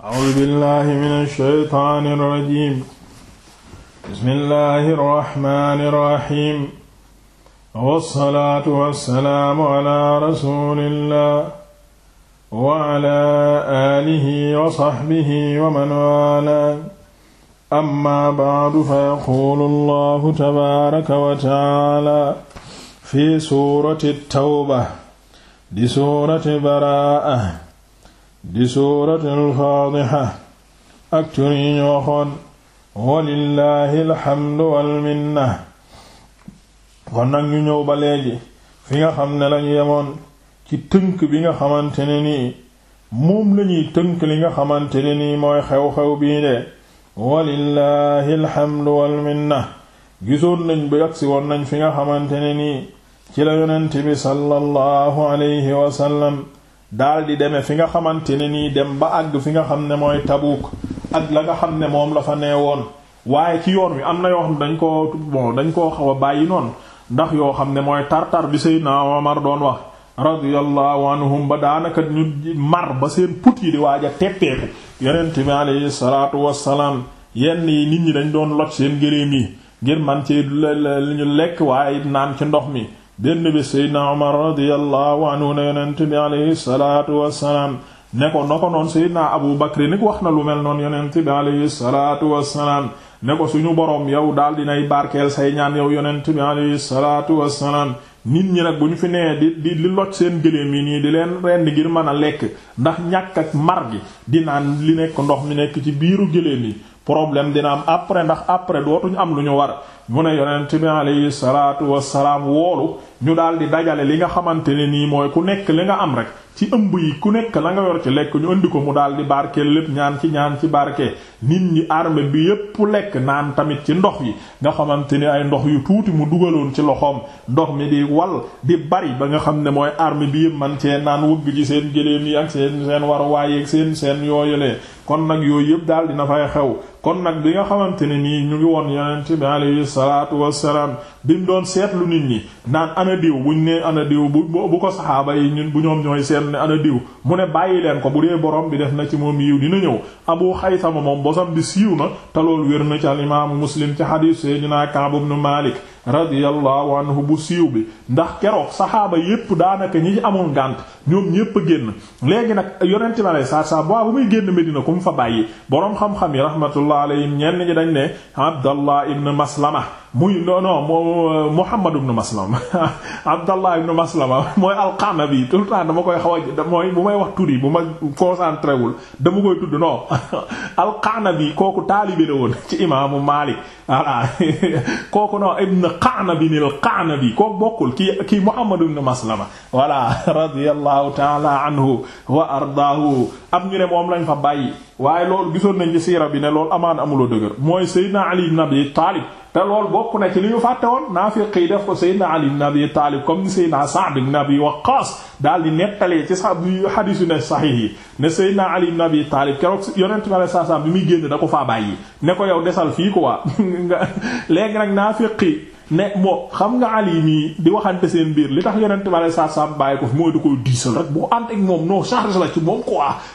A'uuzu billaahi mina shaytaani rajiim. Bismillaahi rahmaani rahiim. Wassalaatu wassalaamu alaa rasuulillaah wa alaa aalihi wa sahbihi wa man waalaah. Ammaa ba'du fayaquulu Allaahu tabaaraka wa ta'aalaa fi suurati Tawba di suurati Baraa'a. di suuratul faadiha ak tur yi ñu waxoon walillahi alhamdu walminna kon nag ñu ñëw ba léegi fi nga xam ne lañu yemoon ci tënk bi nga xamante nii moom lañuy tënk li nga xamante ne nii mooy xew-xew bii de walillahi alhamdu walminna gisoon nañ bi agsi woon nañ fi nga xamante ne nii ci la yonent bi sallallahu alayhi wasallam daal di demee fi nga xamante ne nii dem ba àgg fi nga xam ne mooy Tabuuk ak la nga xam ne moom la fa nee woon waaye ci yoon wi am na yoo xam ne dañ koo moom dañ koo xaw a bàyyi noonu ndax yoo xam ne mooy tartar bi naa Seydina mar doon wax radiyallahu anhum ba daanaka ñu mar ba seen put yi di waaj a teppeeku yonent bi alayhi salaatu wassalaam yenn yi nit ñi dañ doon loj seen gëléem yi ngir man ci la ñu lekk waaye it naan ci ndox mi benn bi seydna Umar radiyallahu anhu ne yonent bi alayhi salaatu wassalaam ne ko na ko noon seydna Abu Bakr nik wax na lu mel noon yonent bi alayhi salaatu wassalaam ne ko suñu boroom yow daal dinay barkeel say ñaan yow yonent bi alayhi salaatu wassalaam nit ñi nag bu ñu fi nee di di li loj seen gëléem yi nii di leen rend ngir mën a lekk ndax ñàkk ak mar gi di naan li nekk ndox mi nekk ci biiru gëléem yi problème dina am après ndax après dootuñ am lu ñu war mu ne yonent bi alayhi salaatu wassalaam woolu ñu daal di dajale li nga xamante ne nii mooy ku nekk li nga am rek ci ëmb yi ku nekk la nga yor ci lekk ñu indi ko mu daal di barke lépp ñaan ci ñaan ci barke nit ñi arme bi yépp lekk naan tamit ci ndox yi nga xamante ni ay ndox yu tuuti mu dugaloon ci loxoom ndox mi di wal di bari ba nga xam ne mooy arme bi yépp man cee naan wëgg ci seen géléem yi ak seen seen waruwaay yi seen seen yooyalee kon nag yooyu yépp daal dina fay xew kon nag bi nga xamante ne nii ñu ngi woon salaatu wassalaam bi mu doon seetlu nit ñi naan ana diw buñ ne ana diw bu bu ko saxaaba yi ñun bu ñoom ñooy seet ne ana diw mu ne bàyyi leen ko bu dee borom bi def na ci moom yiw dina ñëw abu xaysama moom bosam bi siiw na te loolu wér na ci al imaamu muslim ci xadiis seydinaa Kaab ibn Maalik radiyallahu anhu bu siiw bi ndax keroog saxaaba yépp daanaka ñi amul ngànt ñoom ñépp a génn léegi nag yonente bi alei saatu salaam waaw bu muy génn Medina ku mu fa bàyyi boroom xam-xam yi rahmatullah alayhim ñenn ñi dañ ne Abdallah ibn Maslama muy non non moom Muhammad ibn Maslama Abdallah ibn Maslama mooy alqaama bi tout le temps dama koy xaw a mooy bu may wax tur yi bu ma concentré wul dama koy tudd non alqaana bi kooku taalibe la woon ci imaamu Maalik voilà kooku non ibn qaana bi ni alqaana bi kooku bokkul kii kii Muhammad ibn Maslama voilà radiyallahu ta'ala anhu wa ardaahu am ñu ne moom lañ fa bàyyi waaye loolu gisoon nañ ci siira bi ne loolu amaan amuloo dëgër mooy Seydina Ali ibn Abi Taalib te loolu bokk na ci li ñu fàtte woon naafiq yi def ko Seydina Ali ibn Abi Taalib comme ni Seydina Sa'd ibn Abi Waqqaas daal di nettalee ci sax xadiis yu ne saxiix yi ne Seydina Ali ibn Abi Taalib keroog yonent bi sa salaam bi muy génn da ko faa bàyyi ne ko yow desal fii quoi nga léegi nag naa yi ne moo xam nga Ali nii di waxante seen biir li tax yonent bale saa saa bàyyi ko fi mooy da koy diisal rek bu ànd ak moom non charge la ci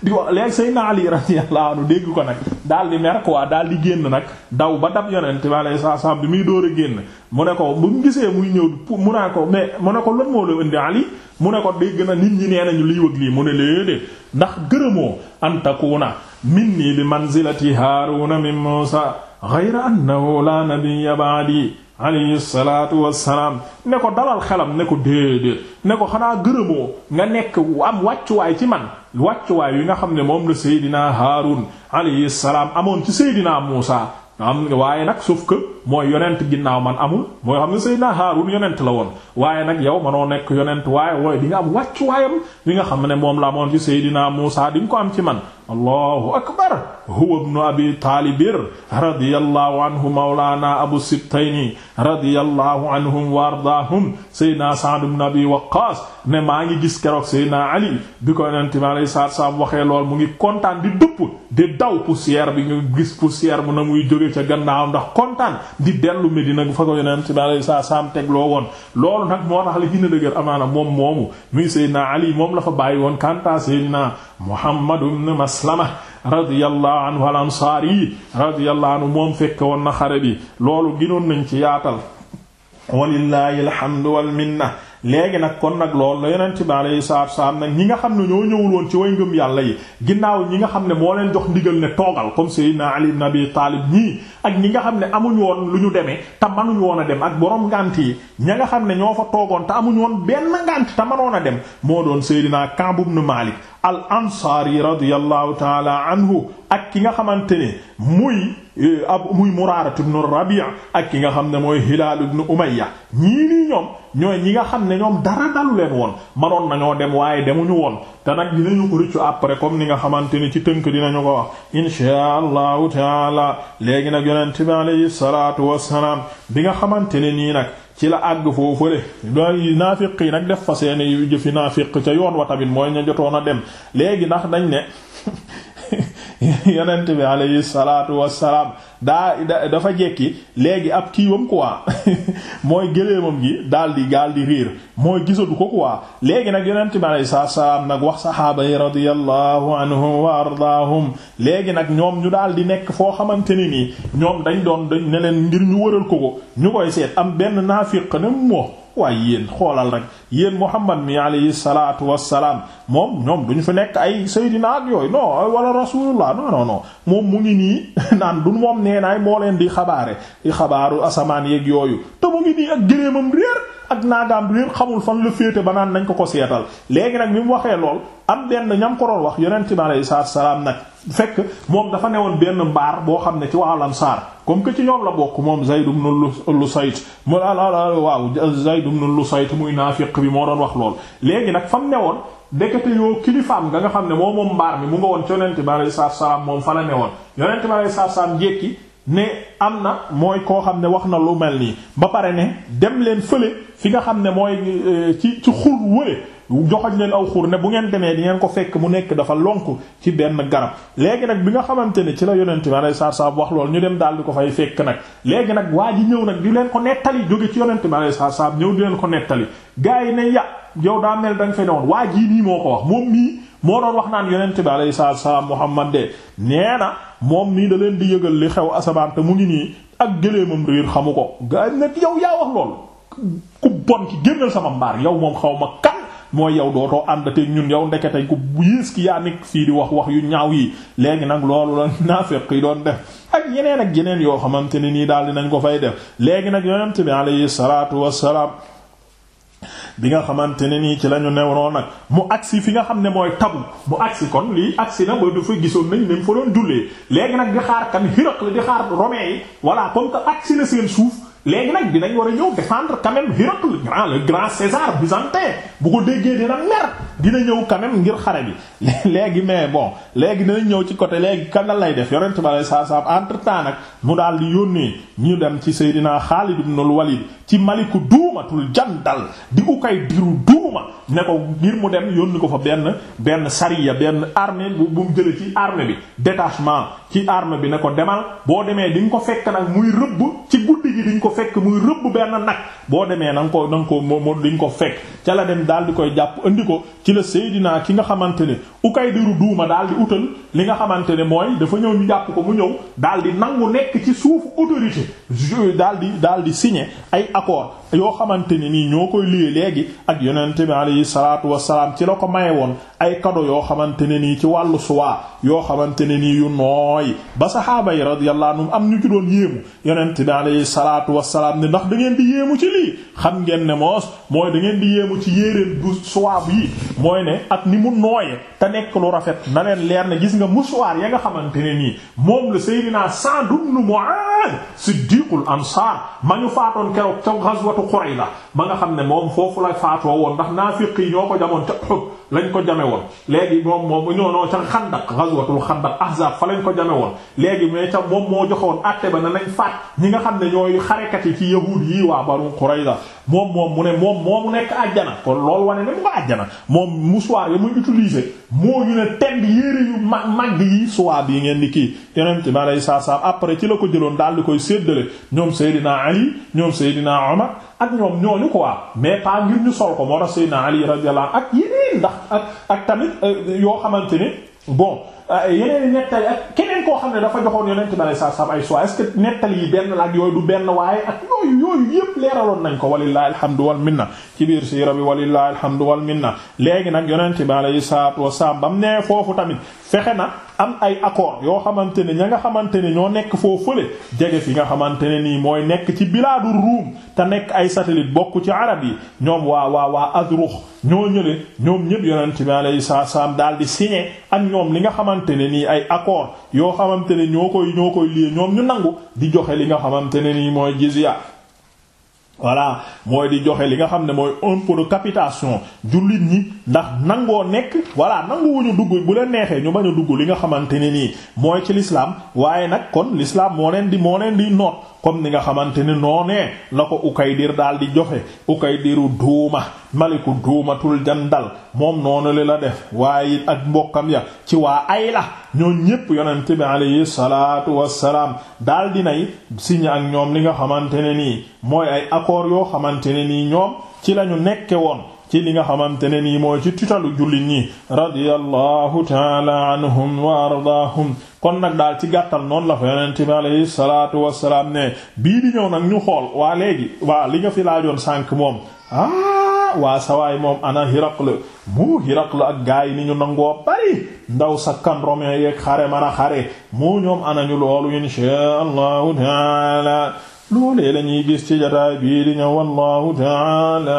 di wax léegi Seydina Ali radiyallahu anhu dégg ko nag daal di mer quoi daal di génn nag daw ba dab yonent bale saa saa bi muy door a génn mu ne ko bu gisee muy ñëw mu ko mais mu ne ko lan moo la indi Ali mu ne ko dégg na nit ñi nee nañu liy wëg lii mu ne léedée ndax gërëmoo antakuuna minni bi manzilati Haaruna min Muusaa ghayra annahu la nabiyya ba'di alayhi salaatu wassalaam ne ko dalal xelam ne ko déedéet ne ko xanaa gërëmoo nga nekk am wàccuwaay ci man wàccuwaay yi nga xam ne moom la Seydina Haarun alayhi salaam amoon ci Seydina Muusa am waaye nag sauf que mooy yonent ginnaaw man amul mooy xam ne Seydina Haarun yonent la woon waaye nag yow manoo nekk yonent waaye wooy di nga am wàccu waayam li nga xam ne moom la amoon ci Seydina Muusaa di nga ko am ci man allahu akbar huwa ibnu abi taalibir radiyallahu anhu mawlaana abu sibtayni radiyallahu anhum wa ardaahum Seydina Sa'd ibn Abi Waqqaas ne maa ngi gis keroog Seydina Ali bi ko yonent mi alayhi salaatu salaam waxee lool mu ngi kontaan di dupp ñëwee ca gannaaw ndax kontaan di dellu Medina fa ko yonent bi alayhi salaam tegloo woon loolu nag moo tax li gën a dëgër amaana moom moomu muy Seydina Ali moom la fa bàyyi woon kanta Seydina Muhammad ibn Maslama radiyallahu anhu al ansaari radiyallahu anhu moom fekke woon na xare bi loolu ginoon nañ ci yaatal walillahi alhamdu wal minna léegi nag kon nag loolu la yonent bi alayhi salaatu salaam nag ñi nga xam ne ñoo ñëwul woon ci way ngëm yàlla yi ginnaaw ñi nga xam ne moo leen jox ndigal ne toogal comme Seydina Ali ibn Abi Taalib ñii ak ñi nga xam ne amuñ woon lu ñu demee te manuñ woon a dem ak boroom ngànt yi ña nga xam ne ñoo fa toogoon te amuñ woon benn ngànt te manoon a dem moo doon Seydina Kaab ibn Maalik al ansaari radiyallahu taala anhu ak ki nga xamante ne muy Eh, ab muy Muraara ibn Rabi' ak ki nga xam ne mooy Hilaal ibn Umayya ñii nii ñoom ñooy ñi nga xam ne ñoom dara dalu leen woon manoon nañoo dem waaye demuñu woon te nag dinañu ko rëccu après comme ni nga xamante ni ci tënk ñu ko wax inshaa allahu taala léegi nag yonent bi alayhi salaatu wassalaam bi nga xamante ne nii nag ci la àgg foofule doy naafiq yi nag def fa seeni yu jëfi naafiq ca yoon wa tamit mooy ña jotoon a dem léegi ndax dañ ne yonent bi alayhi salaatu wassalaam daa dafa jekki léegi ab kiiwam quoi mooy gëléemam gi daal di gaal di riir mooy gisatu ko waa léegi nag yonent bi alayhi salaatu salaam nag wax saxaaba yi radiyallahu anhum wa ardaahum léegi nag ñoom ñu daal di nekk foo xamante ne nii ñoom dañ doon dañ ne leen ngir ñu wëral ko ko ñu koy seet am benn naafiq ne moo waaye yéen xoolal rek yéen Muhammad mi alayhi salaatu wassalaam moom ñoom duñu fi nekk ay sayidina ak yooyu non wala rasulullah mu ngi nii naan du moom neenaay moo leen di xabaare di xabaaru asamaan yeeg yooyu te mu ngi nii ak gëléemam réer ak naagaam réer xamul fan la ba naan nañ ko ko seetal léegi nag mi mu waxee lool am benn ñam ko doon wax yonent bi alayhi salaatu salaam nag fekk moom dafa newoon benn mbaar boo xam ne ci waa Ansaar comme que ci ñoom la bokk moom Zayd ibn Lusayt mu la waaw Zayd ibn Lusayt muy naafiq bi moo doon wax lool léegi nag fa mu newoon ndekete yoo kilifaam nga nga xam ne moo moom mbaar mi mu nga woon ci ma bi alayhi salaatu salaam moom fa la ne woon yonent bi alayhi salaatu salaam jekki ne am na mooy koo xam ne wax na lu mel nii ba pare ne dem leen fële fi nga xam ne mooy eh, ci ci xur wële joxoñ leen aw xur ne bu ngeen demee di ngeen ko fekk mu nekk dafa lonk ci benn garab léegi nag bi nga xamante ne ci la yonent bi alayhi salaatu salaam wax lool ñu dem daal di ko fay fekk nag léegi nag waa ji ñëw nag di leen ko nettali jóge ci yonent bi alayhi salaatu salaam ñëw leen ko nettali gars yi ne ya yow daa mel da nga fay newoon waa jii nii moo ko wax moom mii moo doon wax naan yonent bi alayhi salaatu salaam Muhammad de nee moom nii da leen di yëgal li xew asamaan mu ngi nii ak gëléemam réer xamu ko gars yi nag yow yaa wax lool ku bon ki génnal sama mbaar yow moom xaw ma kan mooy yow dootoo àndateeg ñun yow ndekete ku yées ki yaa nekk fii di wax wax yu ñaaw yi léegi nag loolu la naafiq yi doon def ak yeneen ak yeneen yoo xamante ne nii daal dinañ ko fay def léegi nag yonent bi alayhi salaatu wassalaam bi nga xamante ne nii ci la ñu newoon nag mu agsi fi nga xam ne mooy tabu mu agsi kon lii agsi na ba dafa gisoon nañ ne fa doon jullee léegi nag di xaar kan Hiraql di xaar Romain yi voilà comme que agsi na seen suuf. léegi nag dinañ war a ñëw défendre quand même Héraclius le grand le grand César bu ko déggee dina mer dina ñëw quand ngir xare bi léegi mais bon léegi dinañ ñëw ci côté léegi kan lay def yonent ba lay saa saa entre temps nag mu daal di yónnee ñu dem ci Seydina Xaalid ibn Walid ci maliku duumatul jandal di ukay diru duuma ne ko ngir mu dem yónni ko fa benn benn sariya benn armée bu bu mu jëlee ci armée bi détachement ci armée bi ne ko demal boo demee di nga ko fekk nag muy rëbb gi diñ ko fekk muy rëbb benn nag boo demee na nga ko na nga ko moo diñ ko fekk ca la daal di koy jàpp andi ko ci la Seydina ki nga xamante ne Ukaydiru duuma daal di utal li nga xamante ne mooy dafa ñëw ñu jàpp ko mu ñëw daal di nangu nekk ci suuf autorité daal di daal di signé ay accord yoo xamante ne nii ñoo koy liyee léegi ak yonente bi alayhi salaatu wasalaam ci la ko maye woon ay kado yoo xamante ne nii ci wàllu suwaa yoo xamante ne nii yu nooy ba saxaaba yi radiyallahu anhum am ñu ci doon yéemu yonente bi alayhi salaatu salaatu wassalaam ne ndax da ngeen di yéemu ci lii xam ngeen ne moos mooy da ngeen di yéemu ci yéreem du sowaab yi mooy ne ak ni mu nooye te nekk lu rafet na leen leer ne gis nga musuwaar ya nga xamante ne nii moom la Seydina Sa'd ibn Mu'adh siddiqul ansaar ma ñu faatoon keroog ca ghazwatu Qurayza ma nga xam ne moom foofu la faatoo woon ndax naafiq yi ñoo ko jamoon ca Uhud lañ ko jame woon léegi moom moom ñoo noo ca xandak ghazwatul xandak ahzab fa lañ ko jame woon léegi mais ca moom moo joxoon atte ba na nañ faat ñi nga xam ne ñooy mooy yi ci yahuud yi waa Banu Qurayza moom moom mu moom moomu nekk àjjana kon loolu wane ne mu nga àjjana moom mouchoir ya muy utiliser moo ñu ne tend yére yu mag mag yi suwaab yi ngeen di kii yonente bi aleyi saatu salaam après ci la ko jëloon daal di koy séddale ñoom Seydina Ali ñoom Seydina Omar ak ñoom ñooñu quoi mais pas ngir ñu sol ko moo tax Seydina Ali la ak yeneen ndax ak ak tamit euh, yoo xamante ni bon yeneen nettali ak keneen koo xam ne dafa joxoon yonent bi saa saa ay soie est-ce que nettali yi benn la ak yooyu du benn waaye ak yooyu yooyu yépp leeraloon nañ ko walillahi alhamdu wal minna ci biir siira bi walillahi alhamdu wal minna léegi nag yonent bi alayhi salaatu wasalaam bam nee foofu tamit fexe na am ay accord yoo xamante ne ña nga xamante ne ñoo nekk foo fële jege fi nga xamante ne nii mooy nekk ci bilaadu ruum te nekk ay satellite bokk ci arab yi ñoom waa waa waa Azrux ñoo ñële ñoom ñëpp yonent bi alayhi salaam daal di signé ak ñoom li nga xamante ne nii ay accord yoo xamante ne ñoo koy ñoo koy lii ñoom ñu nangu di joxe li nga xamante ne nii mooy jizya voilà mooy di joxe li nga xam ne mooy impôt de capitation jullit ñi ndax nangoo nekk voilà ñu dugg bu leen neexee ñu bañ a dugg li nga xamante ni nii mooy ci lislaam waaye nag kon lislaam moo leen di moo leen di noot comme ni nga xamante ni noonee la ko Ukaydir daal di joxe Ukaydiru duuma maliku duumatul jandal moom noonu li la def waaye it ak mbokkam ya ci waa Ayla ñoo ñépp yonente bi alayhi salaatu wassalaam daal di nay signé ak ñoom li nga xamante ne nii mooy ay accord yoo xamante ne nii ñoom ci lañu nekke woon ci li nga xamante ne nii mooy ci titalu jullit ñi radiyallahu taala anhum wa ardaahum kon nag daal ci gàttal noonu la fa yonente bi ñëw nag ñu xool waa li nga fi laajoon sànq moom ah waa sawaay moom ana Hiraql mu Hiraql ak gaa yi ni ñu nangoo bari ndaw sakkan romain yeeg xare man a xare mu ñoom anañu loolu inshaa allahu taala loolee la ñuy gis ci jotaay bii di ñëw taala